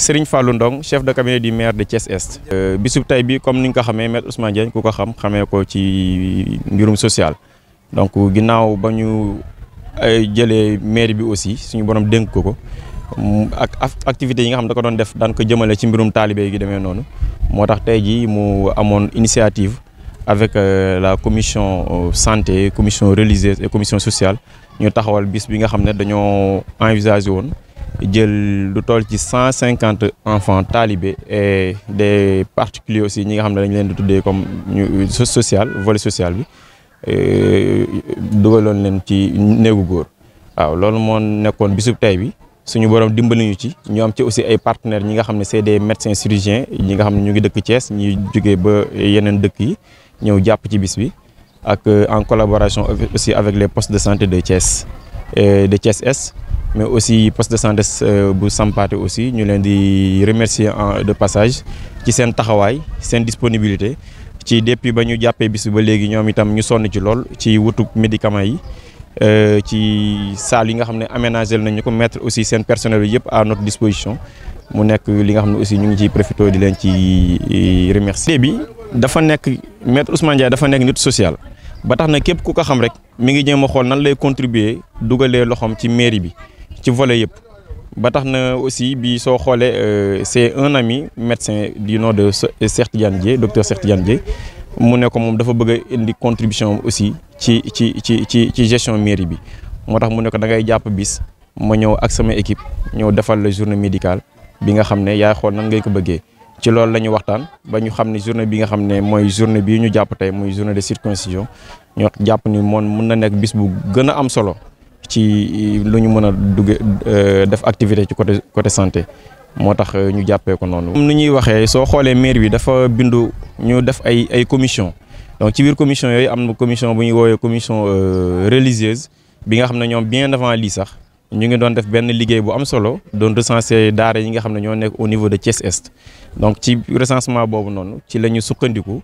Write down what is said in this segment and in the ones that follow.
Serigne Fallou Ndong chef de cabinet du maire de Thiès Est. Euh, bisub tay bi comme ni nga ko xamee maître Ousmane Diagne ko xam xamee ko ci mbirum sociale donc ginnaaw ba ñu euh, jëlee maire bi aussi suñu borom dénk ko ko mm, ak activités yi nga xam da doon def daan ko jëmale ci mbirum taalibe gi demee noonu moo tax tey jii mu amoon initiative avec euh, la commission santé commission religieuse et sociale ñu taxawal bis bi nga xam ne dañoo envisagé woon. jël lu tool ci cent cinquante enfants talibés et des particuliers aussi ñi nga xam ne dañ leen di tuddee comme ñu social volet social bi dugaloon leen ci néegu góor waaw loolu moo nekkoon bisub tey bi suñu borom dimbali ñu ci ñu am ci aussi ay partenaires ñi nga xam ne c'est des médecins chirurgiens ñi nga xam ne ñu ngi dëkk Thiès ñuy jógee ba yeneen dëkk yi ñëw jàpp ci bis bi ak en collaboration aussi avec les postes de santé de Thiès de Thiès Est mais aussi poste de santé euh, bu Sampaate aussi ñu leen di remercier en de passage ci seen taxawaay seen disponibilité ci depuis ba ñu jàppee bis ba léegi ñoom itam ñu sonn ci lool ci wutu médicament yi euh, ci salle yi nga xam ne aménagé nañu ko mettre aussi seen personnel yi yëpp à not disposition mu nekk li nga xam ne aussi ñu ngi ciy profité di leen ci e, remercier bi dafa nekk maître Ousmane Ndiaye dafa nekk nit sociale ba tax na képp ku ko xam rek mi ngi jéem nan lay contribuer dugalee loxoom ci mairie bi ci volet yëpp ba tax na aussi bi soo xoolee euh, c'est un ami médecin du nom de Cheikh Tidiane Dièye docteur Cheikh Tidiane mu ne ko moom dafa bëgg indi contribution aussi ci ci ci ci ci gestion mairie bi moo tax mu ne ko da ngay jàpp bis ma ñëw ak sama équipe ñëw defal la journée médicale bi nga xam ne yaay xool nan ngay ko bëggee ci loolu la ñu waxtaan ba ñu xam ne journée bi nga xam ne mooy journée bi ñu jàpp tey mooy journée de circoncision ñoo jàpp ni moom mën na nekk bis bu gën a am solo ci lu ñu mën a dugge euh, def activité ci côté côté santé moo tax euh, ñu jàppee ko noonu. comme ni ñuy waxee soo xoolee maire bi dafa bindu ñu def ay ay commission donc ci biir commission yooyu am na commission bu ñuy woowee commission euh, religieuse bi nga xam ne ñoom bien devant lii sax ñu ngi doon def benn liggéey bu am solo doon recenser daara yi nga xam ne ñoo nekk au niveau de Thiès Est donc ci recensement boobu noonu ci la ñu sukkandiku.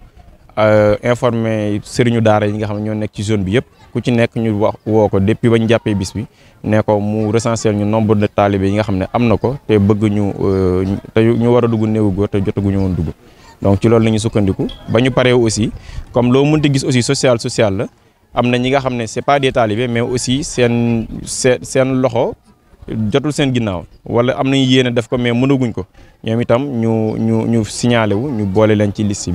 Euh, informé sëriñu daara ñi nga xam ne ñoo nekk ci zone bi yëpp ku ci nekk ñu wax woo ko depuis ñu jàppee bis bi ne ko mu recensé ñu nombre de taalibe yi nga xam ne am na ko te bëgg ñu euh, te ñu war a dugg néewu góor te jotaguñu woon dugg donc ci loolu la ñu sukkandiku ba ñu paree aussi comme loo mënti gis aussi sociale sociale la am na ñi nga xam ne c'est pas des talibés mais aussi seen seen loxo jotul seen ginnaaw wala am nañu yéene def ko mais mënaguñ ko ñoom itam ñu ñu ñu signalé ñu boole leen ci liste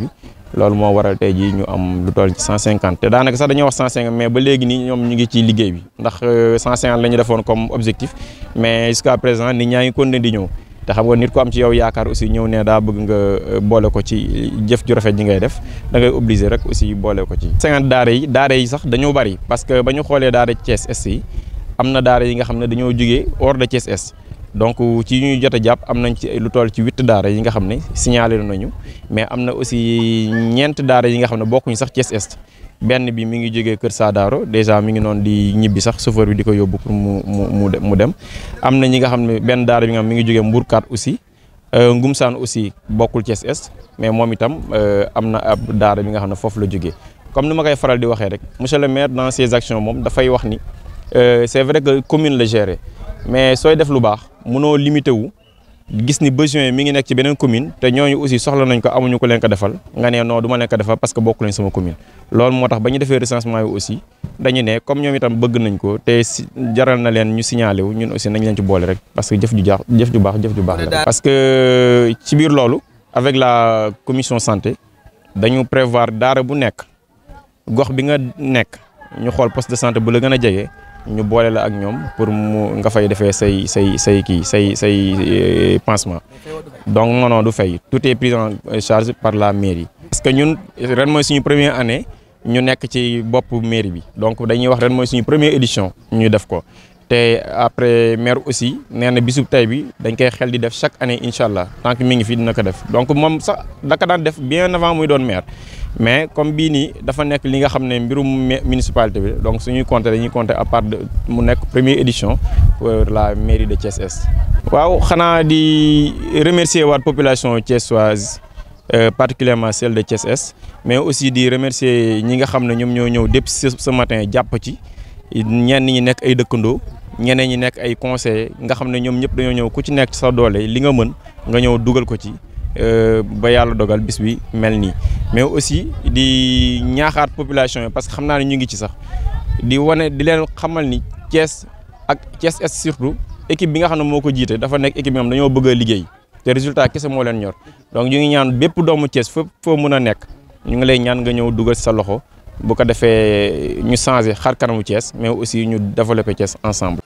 loolu moo waral tey jii ñu am lu toll ci cent cinquante te daanaka sax dañoo wax cent cinquante mais ba léegi nii ñoom ñu ngi ci liggéey bi ndax euh, cent cinquante la ñu defoon comme objectif mais jusqu'à présent nit ñaa ngi continué di ñëw te xam nga nit ko am ci yow yaakaar aussi ñëw nee daa bëgg nga euh, boole ko ci jëf ju rafet ji ngay def da ngay obligé rek aussi boole ko ci. cinquante daara yi daara yi sax dañoo bari parce que ba ñu xoolee daara Thiès Est yi am na daara yi nga xam ne dañoo jugee hors donc ci ñuy jot a jàpp am nañ ci lu tool ci huit daara yi nga xam ne signalé nañu mais am na aussi ñeent daara yi nga xam ne bokkuñu sax Thiès Est benn bi mi ngi jógee Kër daaro dèjà mi ngi noon di ñibbi sax chauffeur bi di ko yóbbu pour mu mu mu dem am na ñi nga xam ne benn daara bi nga xam mi ngi jógee Mbourkat aussi euh, Ngumsaan aussi bokkul Thiès Est mais moom itam euh, am na ab daara bi nga xam ne foofu la jógee comme ni ma koy faral di waxee rek monsieur le maire dans ses dafay wax ni euh, c'est vrai que commune la gérée mais sooy def lu baax mënoo limité wu gis ni besoin yi mi ngi nekk ci beneen commune te ñooñu aussi soxla nañ ko amuñu ko leen ko defal nga ne non du ma leen ko defal parce que bokk lañ sama commune loolu moo tax ba ñu defee recensement yi aussi dañu ne comme ñoom itam bëgg nañ ko te jaral na leen ñu signalé wu ñun aussi nañ leen ci boole rek parce que jëf ju jaax jëf ju baax jëf ju baax parce que ci biir loolu avec la commission santé dañu prévoir daara bu nekk gox bi nga nekk ñu xool poste de santé bu la gën a jege. ñu boole la ak ñoom pour mu nga fay defee say say say kii say say euh, pansement donc non non du fay tout est pris en charge par la yi parce que ñun ren mooy suñu première année ñu nekk ci bopp maire bi donc dañuy wax ren mooy suñu premier édition ñu def ko te après maire aussi nee na bisub tey bi dañ koy xel di def chaque année incha allah tant mi ngi fii dina ko def donc moom sax da daan def bien avant muy doon maire. mais comme bii nii dafa nekk li nga xam ne mbirum municipalité bi donc suñuy compter dañuy compter à part de mu nekk première édition pour la mairie de Thiès Est waaw xanaa di remercier waat population thiessoise euh, particulièrement celle de Thiès Est mais aussi di remercier ñi nga xam ne ñoom ñoo ñëw dép ce matin jàpp ci ñenn ñi nekk ay dëkkandoo ñeneen ñi nekk ay conseillers nga xam ne ñoom ñëpp dañoo ñëw ku ci nekk sa doole li nga mën nga ñëw dugal ko ci Euh, ba yàlla dogal bis bi mel nii mais aussi di ñaaxaat population yi parce que xam naa ne ñu ngi ci sax di wane di leen xamal ni cees ak cees est surtout équipe bi nga xam ne moo ko jiite dafa nekk équipe bi nga xam dañoo bëgg a liggéey te résultat kese moo leen ñor donc ñu ngi ñaan bépp doomu cees fépp foo mën a nekk ñu ngi lay ñaan nga ñëw dugal sa loxo bu ko defee ñu changé xar kanamu cees mais aussi ñu développer Thiès ensemble.